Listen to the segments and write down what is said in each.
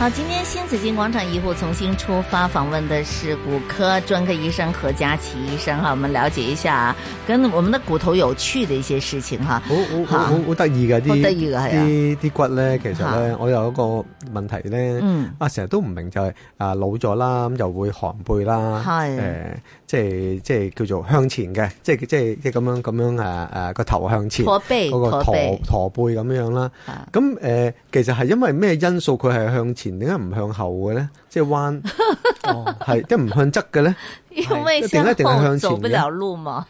好，今天新紫金廣場醫護重新出發，訪問的是骨科專科醫生何嘉棋醫生，哈，我們了解一下跟我們的骨頭有趣的一些事情，哈，好，好，好，好得意嘅啲，得意嘅係啊，啲啲骨咧，其實咧、啊，我有一個問題咧，嗯，啊，成日都唔明就係、是、啊老咗啦，咁就會寒背啦，係、嗯，誒、呃，即係即係叫做向前嘅，即係即係即係咁樣咁樣誒誒、啊啊、個頭向前，駝背，駝、那個、駝背咁樣啦，咁、啊、誒、啊嗯呃，其實係因為咩因素佢係向前？點解唔向後嘅咧？即、就、係、是、彎，係點解唔向側嘅咧？因為一定係向前走不了路嘛。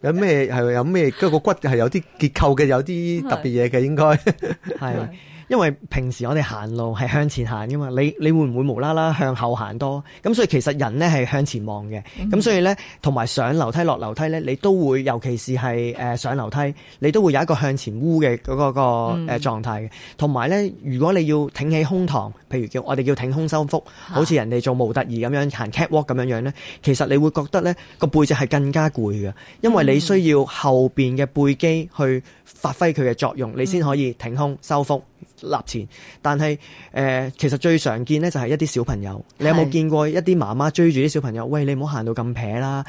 有咩係有咩？嗰個骨係有啲結構嘅，有啲特別嘢嘅應該係。 因為平時我哋行路係向前行噶嘛，你你會唔會無啦啦向後行多？咁所以其實人呢係向前望嘅，咁所以呢，同埋上樓梯落樓梯呢，你都會，尤其是係誒上樓梯，你都會有一個向前烏嘅嗰個個誒狀態嘅。同、嗯、埋呢，如果你要挺起胸膛，譬如叫我哋叫挺胸收腹，啊、好似人哋做模特兒咁樣行 catwalk 咁樣樣呢，其實你會覺得呢個背脊係更加攰嘅，因為你需要後面嘅背肌去發揮佢嘅作用，嗯、你先可以挺胸收腹。立前，但係誒、呃，其實最常見咧就係一啲小朋友，你有冇見過一啲媽媽追住啲小朋友？喂，你唔好行到咁撇啦！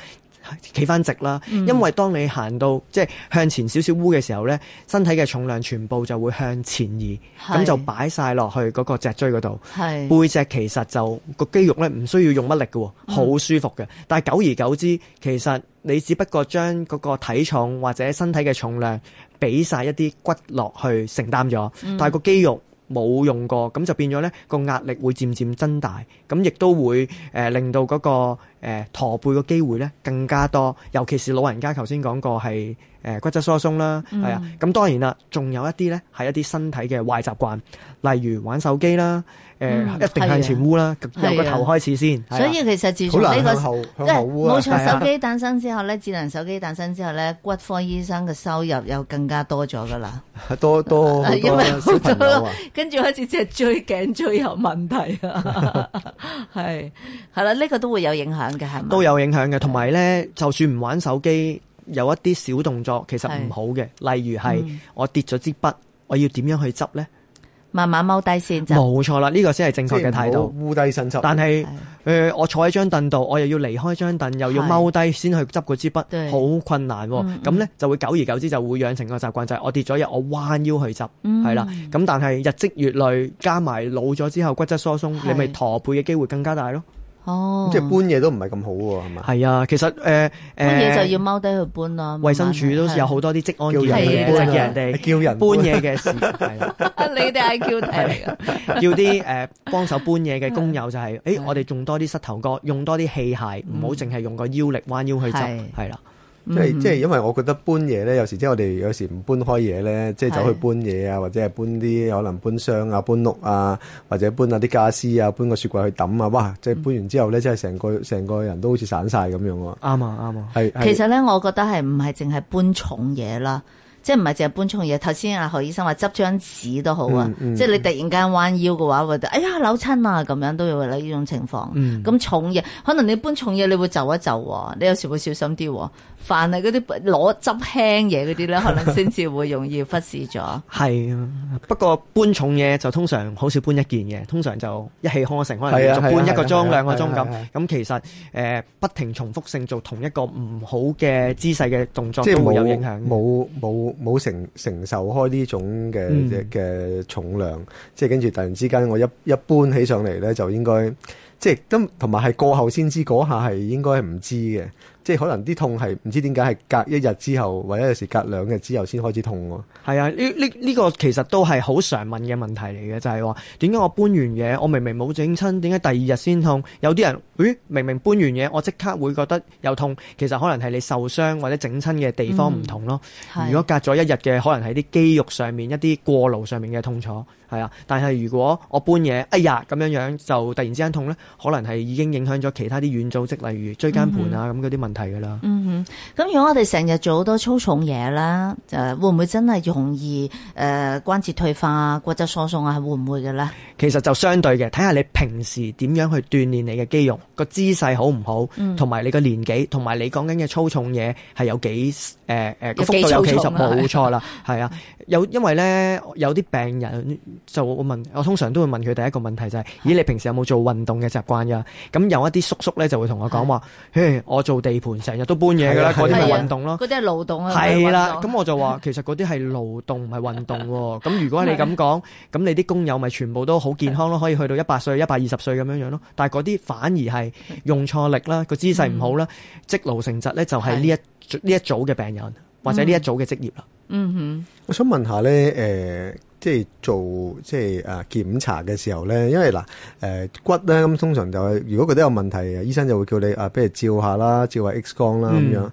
企翻直啦，因為當你行到即係向前少少烏嘅時候呢，身體嘅重量全部就會向前移，咁就擺晒落去嗰個脊椎嗰度，背脊其實就個肌肉呢，唔需要用乜力嘅，好舒服嘅，嗯。但係久而久之，其實你只不過將嗰個體重或者身體嘅重量俾晒一啲骨落去承擔咗，嗯，但係個肌肉。冇用過，咁就變咗咧，個壓力會漸漸增大，咁亦都會誒、呃、令到嗰、個駝、呃、背嘅機會咧更加多，尤其是老人家頭先講過係。誒，骨質疏鬆啦，係啊，咁、嗯嗯、當然啦，仲有一啲咧，係一啲身體嘅壞習慣，例如玩手機啦，誒、呃嗯啊，一定向前烏啦、啊，由個頭開始先、啊。所以其實自從呢、這個，即係冇錯，手機誕生之後咧，智能手機誕生之後咧， 骨科醫生嘅收入又更加多咗噶啦，多多好多，多、啊、多。跟住開始即係椎頸椎有問題啊，係係啦，呢、這個都會有影響嘅，係咪？都有影響嘅，同埋咧，就算唔玩手機。有一啲小動作其實唔好嘅，例如係我跌咗支筆，嗯、我要點樣去執呢？慢慢踎低先。冇錯啦，呢、呢個先係正確嘅態度，但係、呃、我坐喺張凳度，我又要離開張凳，又要踎低先去執嗰支筆，好困難、啊。咁、嗯、呢就會久而久之就會養成個習慣，就係、係、我跌咗嘢我彎腰去執，係、嗯、啦。咁、嗯、但係日積月累，加埋老咗之後骨質疏鬆，你咪駝背嘅機會更加大咯。哦，即係搬嘢都唔係咁好喎，係咪？係啊，其實誒、呃，搬嘢就要踎低去搬啦。衛生署都有好多啲職安嘅、就是、人嘅、啊，人哋叫人搬嘢嘅時係你哋係叫嘅，叫啲誒幫手搬嘢嘅工友就係、是，誒 我哋用多啲膝頭哥，用多啲器械，唔好淨係用個腰力彎腰去執，係啦。即係即係，因為我覺得搬嘢咧，有時即係我哋有時唔搬開嘢咧，即係走去搬嘢啊，或者係搬啲可能搬箱啊、搬屋啊，或者搬下啲家私啊、搬個雪櫃去揼啊，哇！即係搬完之後咧，即係成個成個人都好似散晒咁樣喎。啱啊，啱啊，係。其實咧，我覺得係唔係淨係搬重嘢啦。即係唔係淨係搬重嘢？頭先阿何醫生話執張紙都好啊、嗯嗯，即係你突然間彎腰嘅話會覺得哎呀，扭親啊咁樣都會有呢種情況。咁、嗯、重嘢可能你搬重嘢，你會就一就，你有時會小心啲。凡係嗰啲攞執輕嘢嗰啲咧，可能先至會容易忽視咗。係啊，不過搬重嘢就通常好少搬一件嘅，通常就一氣呵成，可能搬一個鐘、兩個鐘咁。咁其實誒、呃、不停重複性做同一個唔好嘅姿勢嘅動作，嗯、即係會有影響。冇冇。冇承承受開呢種嘅嘅重量，即係跟住突然之間，我一一搬起上嚟咧，就應該即係都同埋係過後先知嗰下係應該係唔知嘅。即係可能啲痛係唔知點解係隔一日之後或者有時隔兩日之後先開始痛喎。係啊，呢呢呢個其實都係好常問嘅問題嚟嘅，就係話點解我搬完嘢，我明明冇整親，點解第二日先痛？有啲人，咦，明明搬完嘢，我即刻會覺得有痛，其實可能係你受傷或者整親嘅地方唔同咯、嗯。如果隔咗一日嘅，可能係啲肌肉上面一啲過勞上面嘅痛楚，係啊。但係如果我搬嘢，哎呀咁樣樣就突然之間痛咧，可能係已經影響咗其他啲軟組織，例如椎間盤啊咁嗰啲、嗯、問。題噶啦，嗯哼，咁如果我哋成日做好多粗重嘢啦，就會唔會真係容易誒關節退化啊，骨質疏鬆啊？會唔會嘅咧？其實就相對嘅，睇下你平時點樣去鍛煉你嘅肌肉，個姿勢好唔好，同、嗯、埋你個年紀，同埋你講緊嘅粗重嘢係有幾誒誒個幅度有幾重就，冇錯啦，係啊，有因為咧有啲病人就會問，我通常都會問佢第一個問題就係、是，咦你平時有冇做運動嘅習慣噶？咁有一啲叔叔咧就會同我講話，嘿，我做地。盤成日都搬嘢㗎啦，嗰啲咪運動咯。嗰啲係勞動啊。係啦，咁我就話 其實嗰啲係勞動唔係運動喎。咁如果你咁講，咁你啲工友咪全部都好健康咯，可以去到一百歲、一百二十歲咁樣樣咯。但係嗰啲反而係用錯力啦，個姿勢唔好啦，積、嗯、勞成疾咧，就係呢一呢一組嘅病人、嗯、或者呢一組嘅職業啦。嗯哼，我想問下咧，呃即係做即係誒檢查嘅時候咧，因為嗱誒骨咧咁通常就係如果佢都有問題，醫生就會叫你啊，比如照下啦，照下 X 光啦咁樣。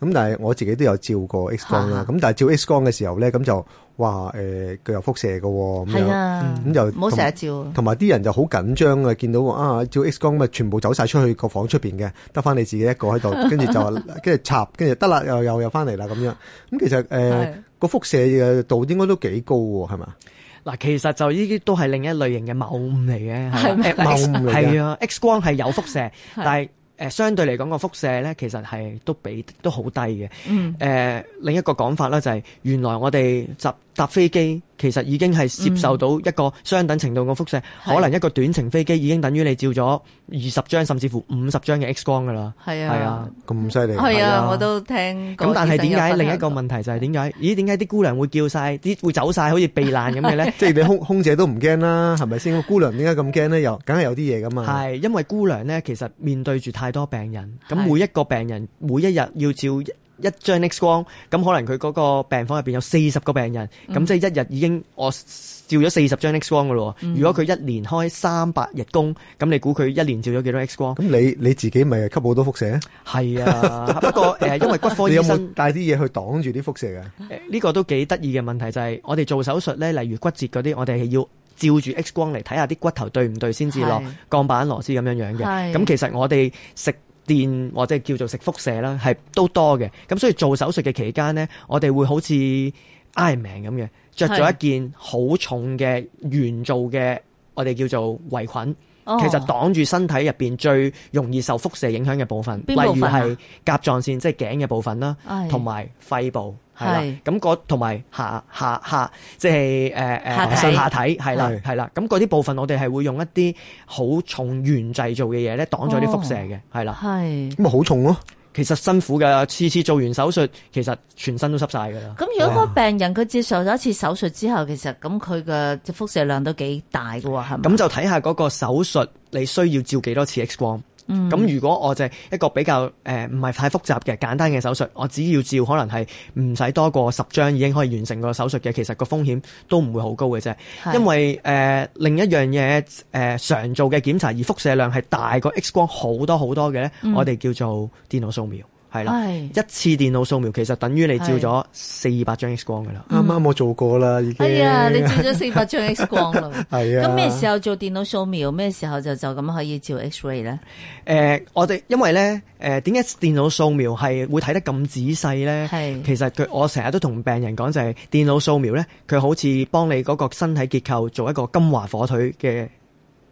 咁但係我自己都有照過 X 光啦。咁但係照 X 光嘅時候咧，咁就哇誒佢有輻射嘅喎。係啊，咁就冇成日照。同埋啲人就好緊張呀，見到啊照 X 光咪全部走曬出去個房出邊嘅，得翻你自己一個喺度，跟住就跟住插跟住得啦，又又又翻嚟啦咁樣。咁其實誒。個輻射嘅度應該都幾高喎，係咪？嗱，其實就呢啲都係另一類型嘅謬誤嚟嘅，係謬誤嚟嘅。係啊，X 光係有輻射， 但係誒、呃、相對嚟講個輻射咧，其實係都比都好低嘅。誒、嗯呃，另一個講法咧就係、是，原來我哋集。搭飛機其實已經係接受到一個相等程度嘅輻射，可能一個短程飛機已經等於你照咗二十張甚至乎五十張嘅 X 光噶啦。係啊，咁犀利係啊，我都聽。咁但係點解另一個問題就係點解？咦，點解啲姑娘會叫曬、啲會走曬，好似避難咁嘅咧？即係你空空姐都唔驚啦，係咪先？個姑娘點解咁驚咧？有，梗係有啲嘢噶嘛。係，因為姑娘咧，其實面對住太多病人，咁每一個病人每一日要照一。一張 X 光，咁可能佢嗰個病房入邊有四十個病人，咁即係一日已經我照咗四十張 X 光嘅咯。如果佢一年開三百日工，咁你估佢一年照咗幾多 X 光？咁你你自己咪吸好多輻射？係啊，不過誒，因為骨科醫生有冇帶啲嘢去擋住啲輻射嘅？誒，呢個都幾得意嘅問題就係，我哋做手術咧，例如骨折嗰啲，我哋係要照住 X 光嚟睇下啲骨頭對唔對先至落鋼板螺絲咁樣樣嘅。咁其實我哋食。電或者叫做食輻射啦，係都多嘅。咁所以做手術嘅期間呢，我哋會好似 Iron Man 咁嘅，着咗一件好重嘅鉛造嘅我哋叫做圍裙。其實擋住身體入面最容易受輻射影響嘅部，部分，例如係甲狀腺，即係頸嘅部分啦，同、哎、埋肺部，係啦。咁同埋下下下，即係誒誒下體，係啦係啦。咁嗰啲部分，我哋係會用一啲好重鉛製造嘅嘢咧，擋咗啲輻射嘅，係、哦、啦。係咁咪好重咯、啊。其實辛苦㗎，次次做完手術，其實全身都濕晒㗎啦。咁如果個病人佢、oh，接受咗一次手術之後，其實咁佢嘅輻射量都幾大㗎喎，係咪？咁就睇下嗰個手術你需要照幾多次 X 光。咁、嗯、如果我就係一個比較誒唔係太複雜嘅簡單嘅手術，我只要照可能係唔使多過十張已經可以完成個手術嘅，其實個風險都唔會好高嘅啫。因為誒、呃、另一樣嘢誒、呃、常做嘅檢查而輻射量係大過 X 光好多好多嘅咧、嗯，我哋叫做電腦掃描。係啦，一次電腦掃描其實等於你照咗四百張 X 光噶啦。啱、嗯、啱我做過啦，已經。哎、啊、呀，你照咗四百張 X 光啦。係 啊。咁咩時候做電腦掃描？咩時候就就咁可以照 X-ray 咧？誒、呃，我哋因為咧，誒、呃，點解電腦掃描係會睇得咁仔細咧？係，其實佢我成日都同病人講就係電腦掃描咧，佢好似幫你嗰個身體結構做一個金華火腿嘅。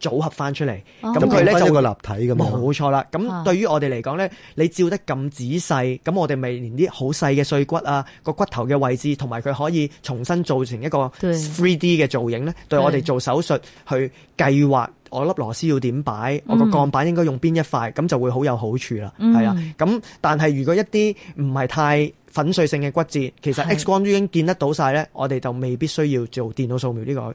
組合翻出嚟，咁佢咧就有個立體咁。冇錯啦，咁、嗯、對於我哋嚟講呢，你照得咁仔細，咁、啊、我哋咪連啲好細嘅碎骨啊，個骨頭嘅位置同埋佢可以重新做成一個 three D 嘅造型呢，對我哋做手術去計劃我粒螺絲要點擺，嗯、我個鋼板應該用邊一塊，咁就會好有好處、嗯、啦。係啦，咁但係如果一啲唔係太粉碎性嘅骨折，其實 X 光都已經見得到晒呢，我哋就未必需要做電腦掃描呢、呢個。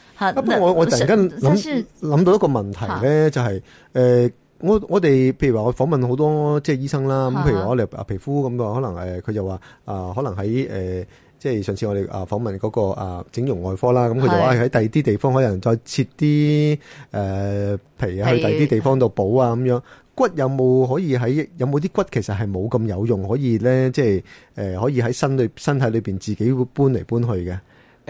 不過我我突然間諗諗到一個問題咧、就是，就係誒，我我哋譬如話我訪問好多即係醫生啦，咁譬如我哋啊皮膚咁啊，可能誒佢就話啊、呃，可能喺誒、呃、即係上次我哋啊訪問嗰、那個啊、呃、整容外科啦，咁佢就話喺第二啲地方可能再切啲誒、呃、皮啊去第二啲地方度補啊咁樣，骨有冇可以喺有冇啲骨其實係冇咁有用可以咧，即係誒、呃、可以喺身裏身體裏邊自己搬嚟搬去嘅？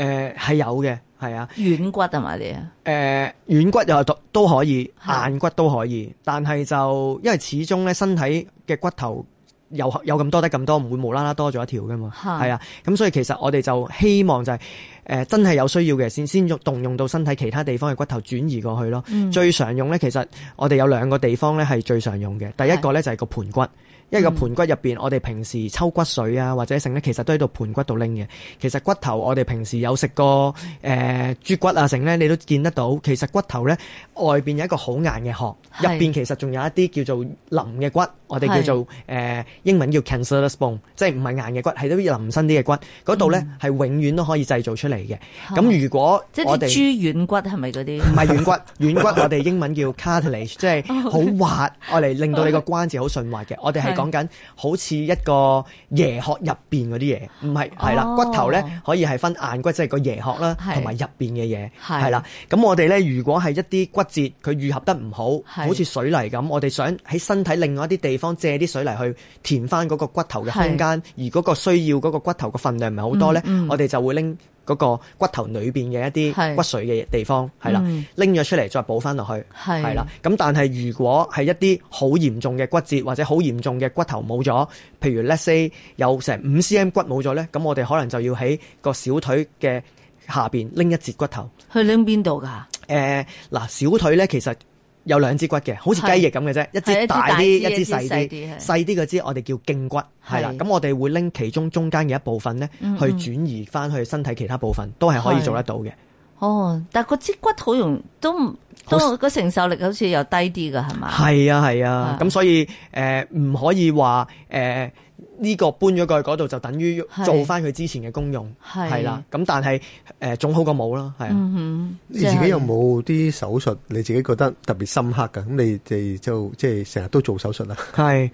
誒、呃，係有嘅，係啊，軟骨啊嘛啲啊，誒、呃，軟骨又都都可以，硬骨都可以，是但係就因為始終咧，身體嘅骨頭有有咁多得咁多，唔會無啦啦多咗一條噶嘛，係、嗯、啊，咁所以其實我哋就希望就係、是，誒、呃，真係有需要嘅先先用動用到身體其他地方嘅骨頭轉移過去咯，嗯、最常用咧其實我哋有兩個地方咧係最常用嘅，第一個咧就係個盆骨。一個盆骨入邊、嗯，我哋平時抽骨髓啊，或者成咧，其實都喺度盆骨度拎嘅。其實骨頭我哋平時有食過誒、呃、豬骨啊，成咧你都見得到。其實骨頭咧外邊有一個好硬嘅殼，入邊其實仲有一啲叫做腍嘅骨，我哋叫做誒、呃、英文叫 cancellous bone，即係唔係硬嘅骨，係啲腍身啲嘅骨。嗰度咧係永遠都可以製造出嚟嘅。咁如果我即係啲豬軟骨係咪嗰啲？唔係軟骨， 軟骨我哋英文叫 cartilage，即係好滑，我 嚟令到你個關節好順滑嘅。 我哋係講緊好似一個椰殼入邊嗰啲嘢。唔係係啦，骨頭呢可以係分硬骨，即係個椰殼啦，同埋入邊嘅嘢係啦。咁我哋呢如果係一啲骨折，佢愈合得唔好，好似水泥咁，我哋想喺身體另外一啲地方借啲水泥去填翻嗰個骨頭嘅空間，而嗰個需要嗰個骨頭嘅分量唔係好多呢，我哋就會拎。嗰、那個骨頭裏邊嘅一啲骨髓嘅地方係啦，拎咗、嗯、出嚟再補翻落去係啦。咁但係如果係一啲好嚴重嘅骨折或者好嚴重嘅骨頭冇咗，譬如 let's say 有成五 cm 骨冇咗呢，咁我哋可能就要喺個小腿嘅下邊拎一截骨頭。去拎邊度㗎？誒、呃、嗱，小腿呢，其實，有兩支骨嘅，好似雞翼咁嘅啫，一支大啲，一支細啲，細啲嗰支我哋叫脛骨，係啦。咁我哋會拎其中中間嘅一部分咧，去轉移翻去身體其他部分，都係可以做得到嘅。哦，但個支骨好容易都都個承受力好似又低啲噶，係嘛？係啊係啊，咁、啊啊、所以誒唔、呃、可以話誒。呃呢個搬咗過去嗰度就等於做翻佢之前嘅功用係啦，咁但係誒總好過冇啦，係啊！你自己有冇啲手術？你自己覺得特別深刻嘅？咁你哋就即係成日都做手術啊？係，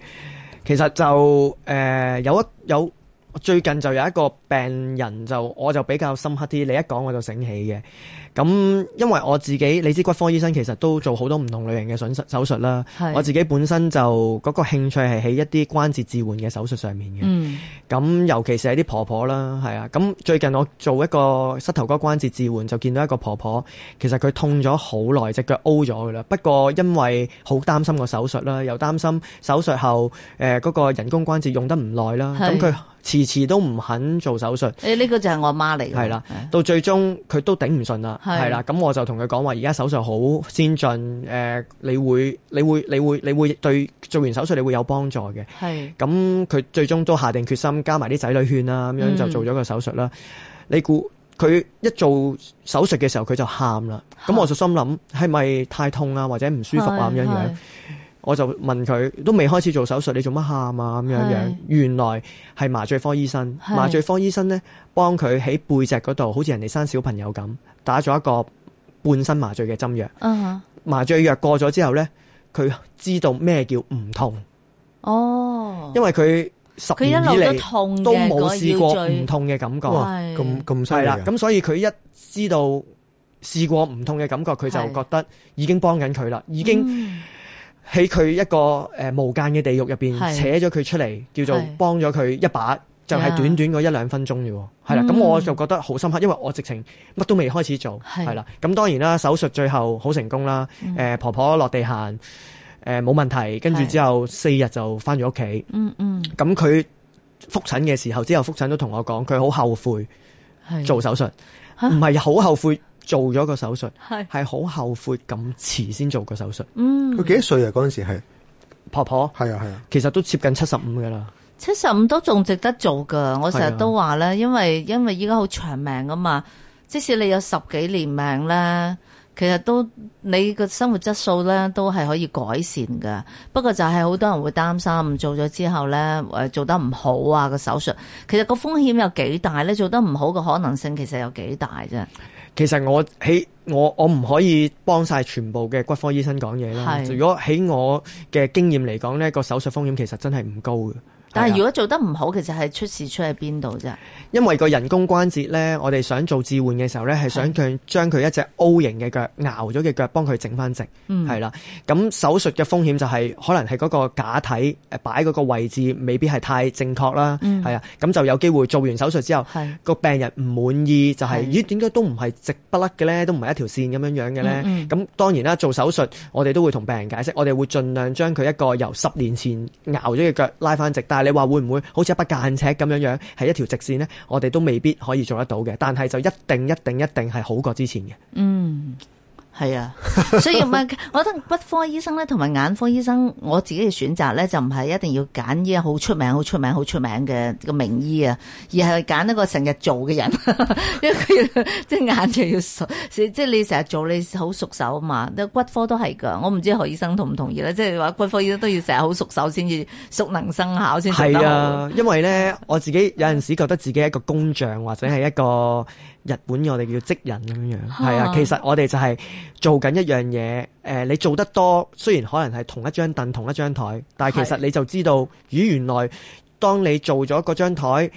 其實就誒有一有。最近就有一個病人就我就比較深刻啲，你一講我就醒起嘅。咁因為我自己，你知骨科醫生其實都做好多唔同類型嘅手術，手術啦。我自己本身就嗰個興趣係喺一啲關節置換嘅手術上面嘅。咁、嗯、尤其是係啲婆婆啦，係啊。咁最近我做一個膝頭哥關節置換，就見到一個婆婆，其實佢痛咗好耐，隻腳 O 咗噶啦。不過因為好擔心個手術啦，又擔心手術後誒嗰、呃那個人工關節用得唔耐啦，咁佢，次次都唔肯做手術，誒、哎、呢、這個就係我媽嚟嘅。係啦，到最終佢都頂唔順啦，係啦。咁我就同佢講話，而家手術好先進，誒、呃，你會，你會，你會，你會，你會，你會對做完手術你會有幫助嘅。係。咁佢最終都下定決心，加埋啲仔女勸啦，咁樣就做咗個手術啦、嗯。你估佢一做手術嘅時候佢就喊啦？咁我就心諗係咪太痛啊，或者唔舒服啊咁樣樣？我就問佢，都未開始做手術，你做乜喊啊？咁樣樣，原來係麻醉科醫生。麻醉科醫生呢，幫佢喺背脊嗰度，好似人哋生小朋友咁，打咗一個半身麻醉嘅針藥。Uh -huh. 麻醉藥過咗之後呢，佢知道咩叫唔痛，uh -huh. 痛，不痛那個。哦，因為佢十年以嚟都冇試過唔痛嘅感覺，咁咁犀利，咁所以佢一知道試過唔痛嘅感覺，佢就覺得已經幫緊佢啦，已經。嗯喺佢一個誒、呃、無間嘅地獄入邊，扯咗佢出嚟，叫做幫咗佢一把，就係、是、短短嗰一兩分鐘嘅，係啦。咁、嗯嗯、我就覺得好深刻，因為我直情乜都未開始做，係啦。咁當然啦，手術最後好成功啦。誒、嗯呃，婆婆落地行，誒、呃、冇問題，跟住之後四日就翻咗屋企。嗯嗯。咁佢復診嘅時候，之後復診都同我講，佢好後悔做手術，唔係好後悔。做咗個手術係好後悔咁遲先做個手術。嗯，佢幾多歲啊？嗰陣時係婆婆係啊係啊，其實都接近七十五嘅啦。七十五都仲值得做噶。我成日都話咧，啊，因為因為依家好長命噶嘛，即使你有十幾年命咧，其實都你個生活質素咧都係可以改善噶。不過就係好多人會擔心做咗之後咧誒做得唔好啊個手術。其實個風險有幾大咧？做得唔好嘅可能性其實有幾大啫。其實我喺我我唔可以幫晒全部嘅骨科醫生講嘢啦。如果喺我嘅經驗嚟講，呢個手術風險其實真係唔高嘅。但係如果做得唔好、啊，其實係出事出喺邊度啫？因為個人工關節咧，我哋想做置換嘅時候咧，係想佢將佢一隻 O 型嘅腳拗咗嘅腳幫佢整翻直，係、嗯、啦。咁、啊、手術嘅風險就係、是、可能係嗰個假體誒擺嗰個位置未必係太正確啦，係、嗯、啊。咁就有機會做完手術之後個病人唔滿意就係、是、咦點解都唔係直不甩嘅咧，都唔係一條線咁樣樣嘅咧。咁、嗯嗯、當然啦，做手術我哋都會同病人解釋，我哋會盡量將佢一個由十年前拗咗嘅腳拉翻直，但係你話會唔會好似一筆間尺咁樣樣，係一條直線咧？我哋都未必可以做得到嘅。但係就一定、一定、一定係好過之前嘅。嗯。係啊，所以唔係，我覺得骨科醫生咧同埋眼科醫生，我自己嘅選擇咧就唔係一定要揀醫好出名、好出名、好出名嘅個名醫啊，而係揀一個成日做嘅人，因為佢即係眼就要熟，即係你成日做你好熟手啊嘛。骨科都係噶，我唔知何醫生同唔同意咧，即係話骨科醫生都要成日好熟手先至熟能生巧先。係啊，因為咧，我自己有陣時覺得自己係一個工匠或者係一個。日本我哋叫職人咁樣，係啊，其實我哋就係做緊一樣嘢、呃，你做得多，雖然可能係同一張凳、同一張台，但其實你就知道咦原來當你做咗嗰張台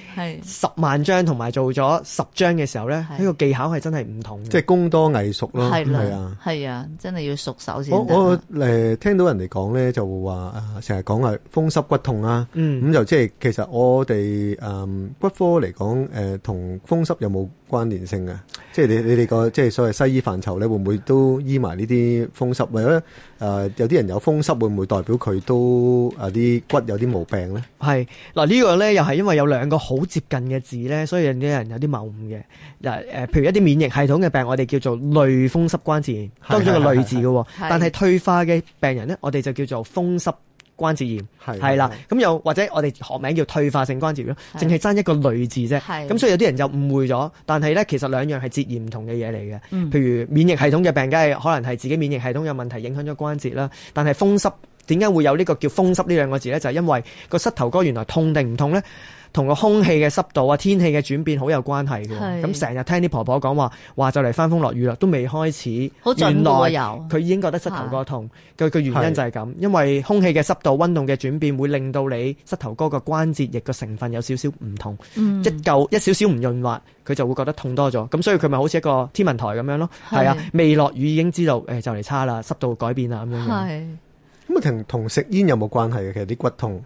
十萬張同埋做咗十張嘅時候咧，呢個技巧係真係唔同嘅，即係功多藝熟咯，係啊，係啊，真係要熟手先得。我我誒聽到人哋講咧就話啊，成日講係風濕骨痛啦，咁就即係其實我哋誒骨科嚟講誒同風濕有冇關聯性啊？即係你你哋個即係所謂西醫範疇咧，會唔會都醫埋呢啲風濕？或者誒有啲人有風濕，會唔會代表佢都啊啲骨有啲毛病咧？係。嗱、這個、呢個咧又係因為有兩個好接近嘅字咧，所以有啲人有啲謬誤嘅。嗱、呃、譬如一啲免疫系統嘅病，我哋叫做類風濕關節炎，多咗個類字嘅。但係退化嘅病人呢，我哋就叫做風濕關節炎，係啦、嗯。咁又或者我哋學名叫退化性關節炎咯，淨係爭一個類字啫。咁所以有啲人就誤會咗。但係咧，其實兩樣係截然唔同嘅嘢嚟嘅。譬、嗯、如免疫系統嘅病，梗係可能係自己免疫系統有問題，影響咗關節啦。但係風濕。點解會有呢個叫風濕呢兩個字呢？就係、是、因為個膝頭哥原來痛定唔痛呢？同個空氣嘅濕度啊、天氣嘅轉變好有關係嘅。咁成日聽啲婆婆講話話就嚟翻風落雨啦，都未開始，原來佢已經覺得膝頭哥痛，佢個原因就係咁，因為空氣嘅濕度、溫度嘅轉變會令到你膝頭哥個關節液個成分有少少唔同，嗯、一嚿一少少唔潤滑，佢就會覺得痛多咗。咁所以佢咪好似一個天文台咁樣咯，係啊，未落雨已經知道誒就嚟差啦，濕度改變啦咁樣。咁啊，同食煙有冇關係嘅？其實啲骨痛，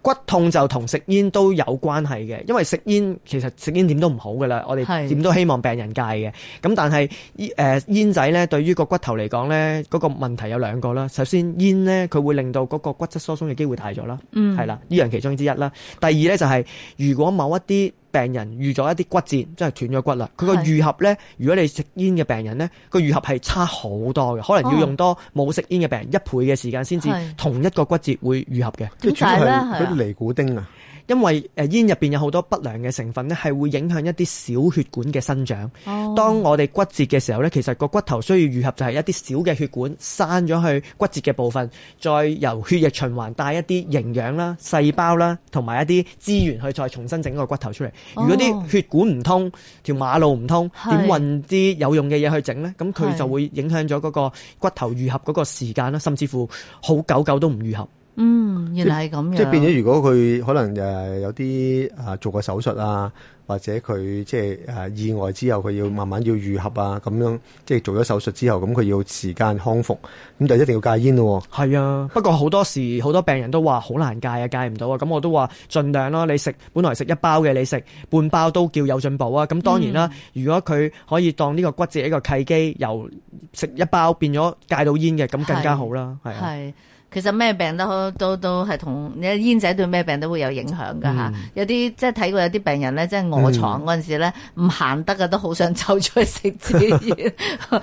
骨痛就同食煙都有關係嘅。因為食煙其實食煙點都唔好噶啦，我哋點都希望病人戒嘅。咁但係，誒煙仔咧，對於個骨頭嚟講咧，嗰個問題有兩個啦。首先煙呢，煙咧佢會令到嗰個骨質疏鬆嘅機會大咗啦，係、嗯、啦，呢樣，其中之一啦。第二咧就係、是、如果某一啲病人預咗一啲骨折，真係斷咗骨啦。佢個愈合呢，如果你食煙嘅病人呢，個愈合係差好多嘅，可能要用多冇食煙嘅病人、哦、一倍嘅時間先至同一個骨折會愈合嘅。點解呢？係尼古丁啊！因為誒煙入邊有好多不良嘅成分咧，係會影響一啲小血管嘅生長。當我哋骨折嘅時候咧，其實個骨頭需要愈合就係一啲小嘅血管生咗去骨折嘅部分，再由血液循環帶一啲營養啦、細胞啦，同埋一啲資源去再重新整個骨頭出嚟。如果啲血管唔通，條馬路唔通，點運啲有用嘅嘢去整咧？咁佢就會影響咗嗰個骨頭愈合嗰個時間啦，甚至乎好久久都唔愈合。嗯，原來係咁樣。即係變咗，如果佢可能誒、呃、有啲、呃、做過手術啊，或者佢即係誒、呃、意外之後，佢要慢慢要愈合啊，咁樣即係做咗手術之後，咁佢要時間康復，咁就一定要戒煙咯、啊。係啊，不過好多時好多病人都話好難戒啊，戒唔到啊。咁我都話盡量咯。你食本來食一包嘅，你食半包都叫有進步啊。咁當然啦，嗯、如果佢可以當呢個骨折一個契機，由食一包變咗戒到煙嘅，咁更加好啦。係。其實咩病都都都係同你煙仔，對咩病都會有影響㗎嚇、嗯，有啲即係睇過有啲病人咧，即係卧床嗰陣時咧，唔行得㗎，都好想走出去食煙，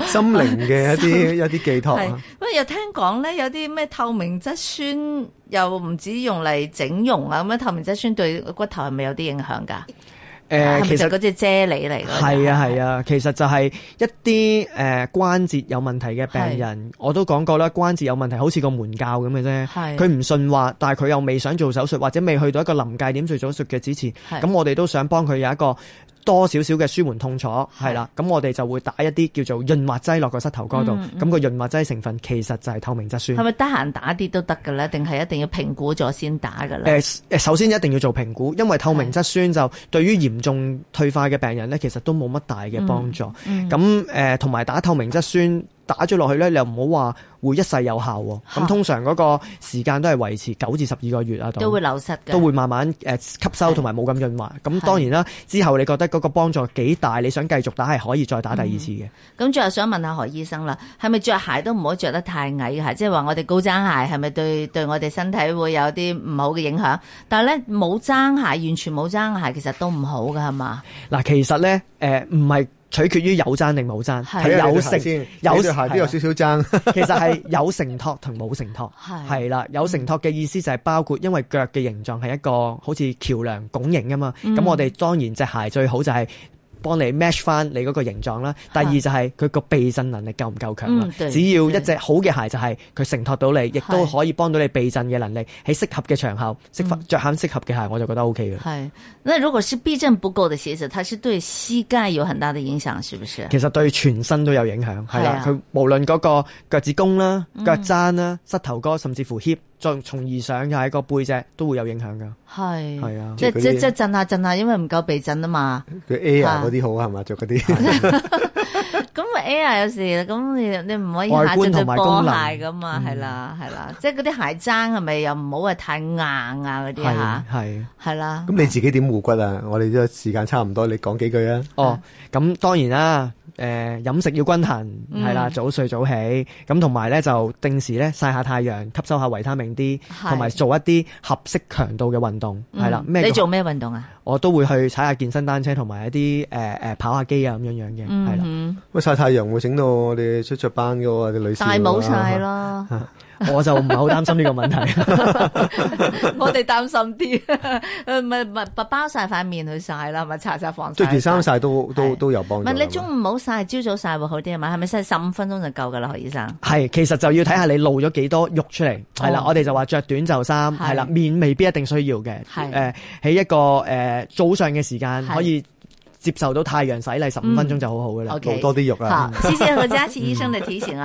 心靈嘅一啲一啲寄託，不過又聽講咧，有啲咩透明質酸又唔止用嚟整容啊，咁樣透明質酸對骨頭係咪有啲影響㗎？誒、呃，其實嗰隻啫喱嚟，嘅、啊。係啊係啊，其實就係一啲誒、呃、關節有問題嘅病人，我都講過啦，關節有問題好似個門教咁嘅啫，佢唔順滑，但係佢又未想做手術，或者未去到一個臨界點做手術嘅之前，咁我哋都想幫佢有一個。多少少嘅舒緩痛楚，係啦，咁我哋就會打一啲叫做潤滑劑落個膝頭哥度，咁、嗯、個、嗯、潤滑劑成分其實就係透明質酸。係咪得閒打啲都得㗎咧？定係一定要評估咗先打㗎咧？誒、呃、誒，首先一定要做評估，因為透明質酸就對於嚴重退化嘅病人咧，其實都冇乜大嘅幫助。咁、嗯、誒，同、嗯、埋、呃、打透明質酸。打咗落去咧，你又唔好話會一世有效喎。咁、啊、通常嗰個時間都係維持九至十二個月啊，都會流失嘅，都會慢慢誒吸收同埋冇咁潤滑。咁當然啦，之後你覺得嗰個幫助幾大，你想繼續打係可以再打第二次嘅。咁、嗯、最後想問下何醫生啦，係咪着鞋都唔好着得太矮嘅鞋？即係話我哋高踭鞋係咪對對我哋身體會有啲唔好嘅影響？但係咧冇踭鞋，完全冇踭鞋，其實都唔好㗎，係嘛？嗱，其實咧誒唔係。呃取決於有踭定冇踭，睇下你隻鞋先，有隻鞋都有少少踭。 其實係有承托同冇承托，係啦。有承托嘅意思就係包括，因為腳嘅形狀係一個好似橋梁拱形啊嘛。咁、嗯、我哋當然隻鞋最好就係、是。幫你 match 翻你嗰個形狀啦。第二就係佢個避震能力夠唔夠強啦。只要一隻好嘅鞋就係佢承托到你，亦都可以幫到你避震嘅能力。喺適合嘅場合，適著罕適合嘅鞋，嗯，我就覺得 O K 嘅。係。那如果是避震不夠嘅鞋子，它是對膝蓋有很大的影響，是不是？其實對全身都有影響，係啦、啊。佢、啊、無論嗰個腳趾弓啦、腳踭啦、膝頭哥，甚至乎 hip 再從而上又喺個背脊都會有影響噶，係係啊，即即即震下震下，因為唔夠避震啊嘛。佢 Air 嗰啲好係嘛？著嗰啲。咁 Air 有時咁你你唔可以下進對波鞋噶嘛，係啦係啦，即係嗰啲鞋踭係咪又唔好係太硬啊嗰啲嚇？係係啦。咁、啊啊啊啊啊啊啊、你自己點護骨啊？我哋都時間差唔多，你講幾句啊？哦，咁當然啦。誒、呃、飲食要均衡，係、嗯、啦，早睡早起，咁同埋咧就定時咧曬下太陽，吸收下維他命 D，同埋做一啲合適強度嘅運動，係、嗯、啦。咩？你做咩運動啊？我都會去踩下健身單車，同埋一啲誒、呃、跑下機啊咁樣樣嘅，係啦。喂、嗯嗯，曬太陽會整到我哋出雀斑嘅喎，啲女士。大冇晒啦～哈哈哈哈我就唔係好擔心呢個問題。 我擔，我哋擔心啲，唔係包晒塊面去晒啦，咪搽晒防晒。著衫晒都都都有幫。唔係你中午好晒，朝早晒會好啲啊嘛？係咪晒十五分鐘就夠噶啦，何醫生？係，其實就要睇下你露咗幾多肉出嚟。係、哦、啦，我哋就話着短袖衫，係啦，面未必一定需要嘅。係誒，喺、呃、一個誒、呃、早上嘅時間可以接受到太陽洗禮，十五分鐘就好好噶啦，露、嗯 okay, 多啲肉啦好，謝謝何嘉棋醫生嘅、 嗯、提醒啊！